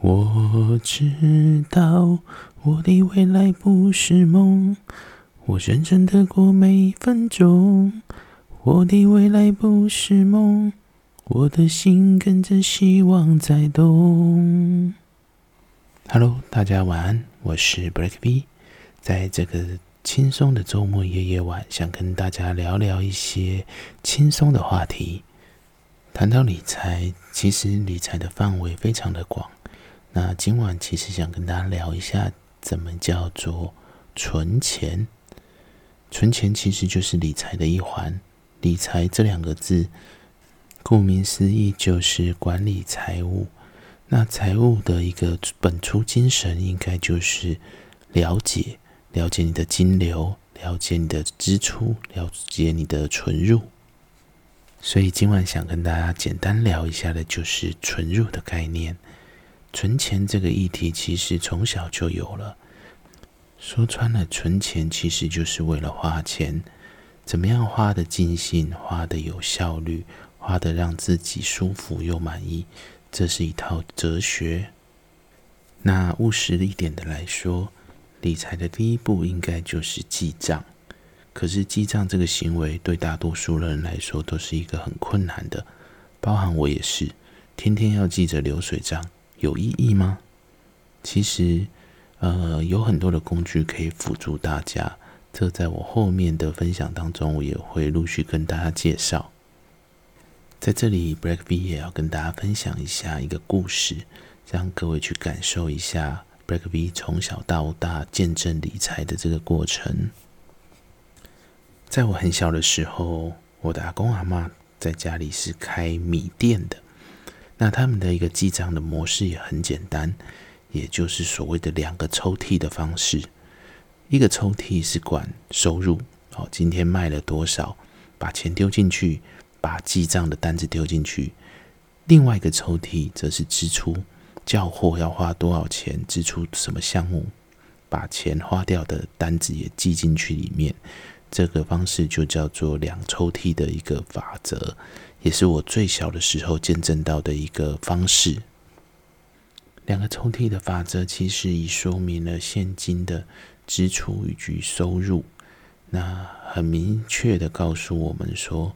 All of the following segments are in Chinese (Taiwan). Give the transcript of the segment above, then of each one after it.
我知道我的未來不是夢，我認真的過每一分鐘。我的未來不是夢，我的心跟着希望在動。Hello，大家晚安，我是 Black V，在這個輕鬆的周末夜夜晚，想跟大家聊聊一些輕鬆的話題。談到理財，其實理財的範圍非常的廣。那今晚其實想跟大家聊一下，怎麼叫做存錢？存錢其實就是理財的一環。理財這兩個字，顧名思義就是管理財務。那財務的一個本初精神，應該就是了解，了解你的金流，了解你的支出，了解你的存入。所以今晚想跟大家簡單聊一下的，就是存入的概念。存錢這個議題其實從小就有了。說穿了，存錢其實就是為了花錢。怎麼樣花得盡興、花得有效率、花得讓自己舒服又滿意，這是一套哲學。那務實一點的來說，理財的第一步應該就是記賬。可是記賬這個行為對大多數人來說都是一個很困難的，包含我也是，天天要記着流水賬。有意義嗎？其實，呃，有很多的工具可以輔助大家。這在我後面的分享當中，我也會陸續跟大家介紹。在這裡，Black V 也要跟大家分享一下一個故事，讓各位去感受一下 Black V 從小到大見證理財的這個過程。在我很小的時候，我的阿公阿嬤在家裡是開米店的。那他們的一個記賬的模式也很簡單，也就是所謂的兩個抽屜的方式。一個抽屜是管收入，好，今天賣了多少，把錢丟進去，把記賬的單子丟進去；另外一個抽屜則是支出，叫貨要花多少錢，支出什麼項目，把錢花掉的單子也記進去裡面。這個方式就叫做兩抽屜的一個法則，也是我最小的時候見證到的一個方式。兩個抽屜的法則其實已說明了現金的支出與收入，那很明確地告訴我們說，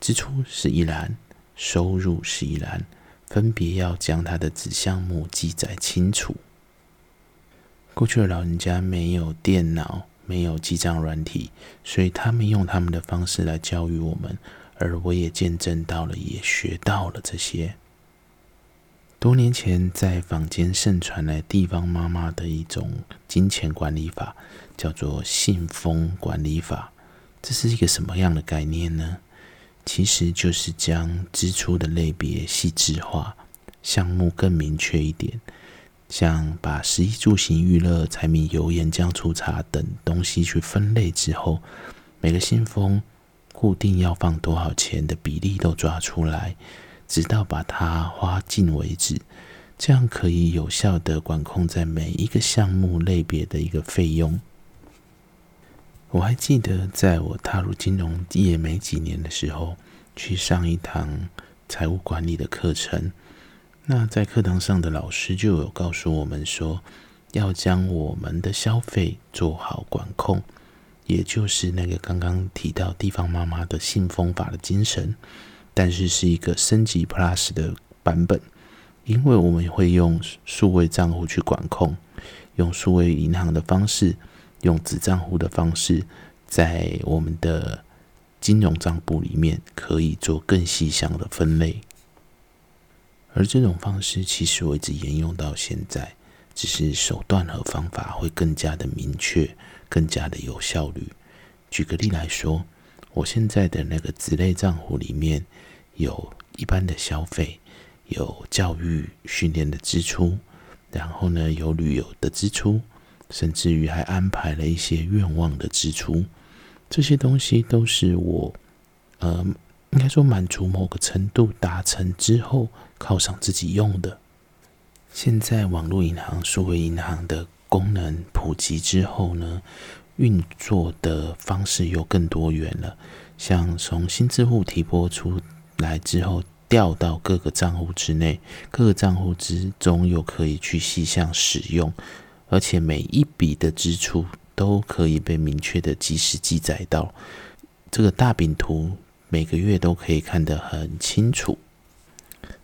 支出是一欄，收入是一欄，分別要將它的子項目記載清楚。過去的老人家沒有電腦。沒有記賬軟體，所以他們用他們的方式來教育我們，而我也見證到了，也學到了這些。多年前在坊間盛傳來地方媽媽的一種金錢管理法，叫做信封管理法。這是一個什麼樣的概念呢？其實就是將支出的類別細緻化，項目更明確一點。像把食衣住行、娛樂、柴米油鹽醬醋茶等東西去分類之後，每個信封固定要放多少錢的比例都抓出來，直到把它花尽為止。這樣可以有效的管控在每一個項目類別的一個費用。我還記得，在我踏入金融業沒幾年的時候，去上一堂財務管理的課程。那在課堂上的老師就有告訴我們說，要將我們的消費做好管控，也就是那個剛剛提到地方媽媽的信封法的精神，但是是一個升級 Plus 的版本，因為我們會用數位賬戶去管控，用數位銀行的方式，用子賬戶的方式，在我們的金融賬戶裡面可以做更細項的分類。而這種方式其實我一直沿用到現在，只是手段和方法會更加的明確，更加的有效率。舉個例來說，我現在的那個子類賬戶裡面，有一般的消費，有教育訓練的支出，然後呢有旅遊的支出，甚至於還安排了一些願望的支出。這些東西都是我，呃。應該說，滿足某個程度達成之後，犒賞自己用的。現在網絡銀行、數位銀行的功能普及之後呢，運作的方式又更多元了。像從新支付提撥出來之後，調到各個賬戶之內，各個賬戶之中又可以去細項使用，而且每一筆的支出都可以被明確的及時記載到這個大餅圖。每個月都可以看得很清楚。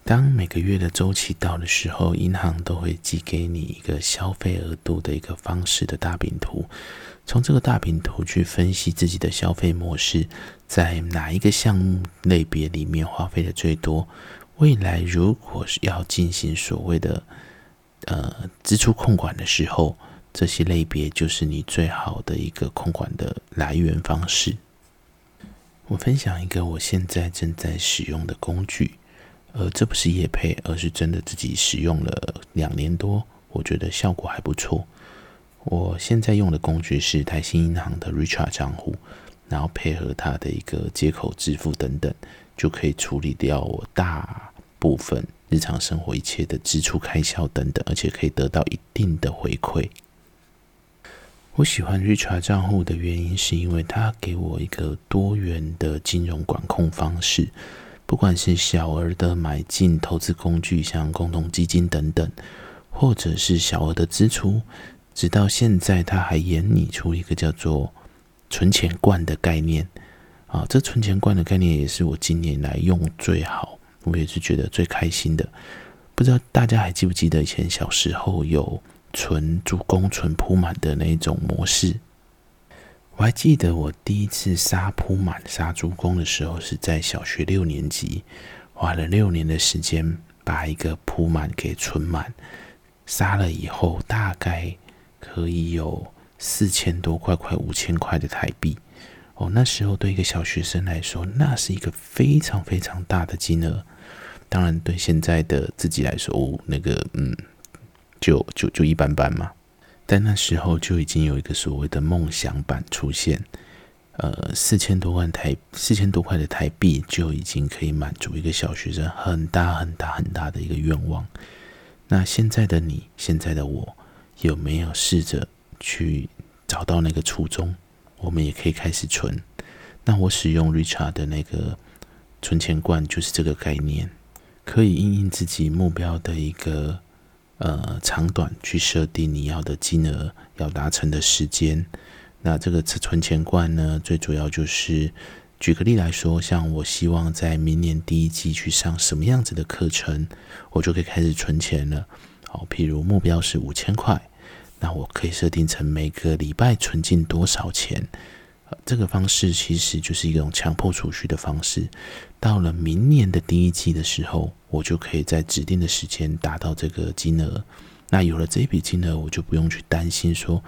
當每個月的週期到的時候，銀行都會寄給你一個消費額度的一個方式的大餅圖。從這個大餅圖去分析自己的消費模式，在哪一個項目類別裡面花費的最多。未來如果是要進行所謂的呃支出控管的時候，這些類別就是你最好的一個控管的來源方式。我分享一個我現在正在使用的工具，呃，這不是業配，而是真的自己使用了兩年多，我覺得效果還不錯。我現在用的工具是台新銀行的 Richart 賬戶，然後配合它的一個接口支付等等，就可以處理掉我大部分日常生活一切的支出開銷等等，而且可以得到一定的回饋。我喜歡瑞查賬戶的原因，是因為它給我一個多元的金融管控方式，不管是小額的買進投資工具，像共同基金等等，或者是小額的支出，直到現在，它還研擬出一個叫做“存錢罐”的概念。啊，這存錢罐的概念也是我今年來用最好，我也是覺得最開心的。不知道大家還記不記得以前小時候有，存豬公存撲滿的那一種模式，我還記得我第一次殺撲滿、殺豬公的時候是在小學六年級，花了六年的時間把一個撲滿給存滿，殺了以後大概可以有四千多塊快五千塊的台幣哦，那時候對一個小學生來說，那是一個非常非常大的金額，當然對現在的自己來說，那個嗯。就就就一般般嘛，但那時候就已經有一個所謂的夢想版出現，呃，四千多萬台四千多塊的台幣就已經可以滿足一個小學生很大很大很大的一個願望。那現在的你，現在的我有沒有試着去找到那個初衷？我們也可以開始存。那我使用 Richard 的那個存錢罐，就是這個概念，可以印印自己目標的一個。呃，長短去設定你要的金額，要達成的時間。那這個存錢罐呢，最主要就是，舉個例來說，像我希望在明年第一季去上什麼樣子的課程，我就可以開始存錢了。好，譬如目標是五千塊，那我可以設定成每個禮拜存進多少錢。這個方式其實就是一種強迫儲蓄的方式。到了明年的第一季的時候，我就可以在指定的時間達到這個金額。那有了這筆金額，我就不用去擔心說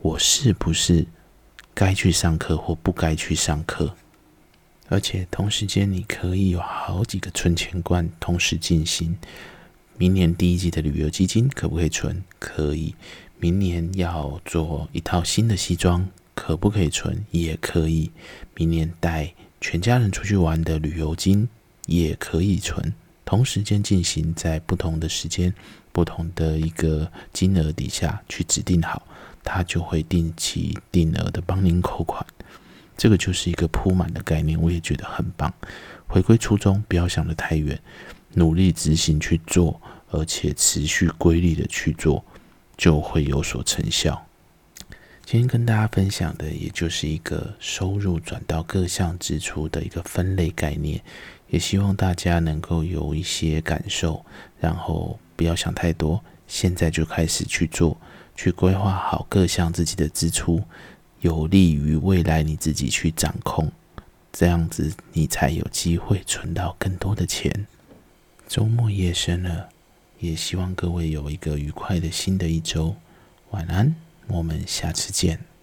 我是不是該去上課或不該去上課。而且同時間，你可以有好幾個存錢罐同時進行。明年第一季的旅遊基金可不可以存？可以。明年要做一套新的西裝。可不可以存也可以，明年帶全家人出去玩的旅遊金也可以存，同時間進行，在不同的時間、不同的一個金額底下去指定好，它就會定期定額的幫您扣款。這個就是一個撲滿的概念，我也覺得很棒。回歸初衷，不要想得太遠，努力執行去做，而且持續規律的去做，就會有所成效。今天跟大家分享的，也就是一個收入轉到各項支出的一個分類概念，也希望大家能夠有一些感受，然後不要想太多，現在就開始去做，去規劃好各項自己的支出，有利於未來你自己去掌控，這樣子你才有機會存到更多的錢。週末夜深了，也希望各位有一個愉快的新的一週，晚安。我們下次見。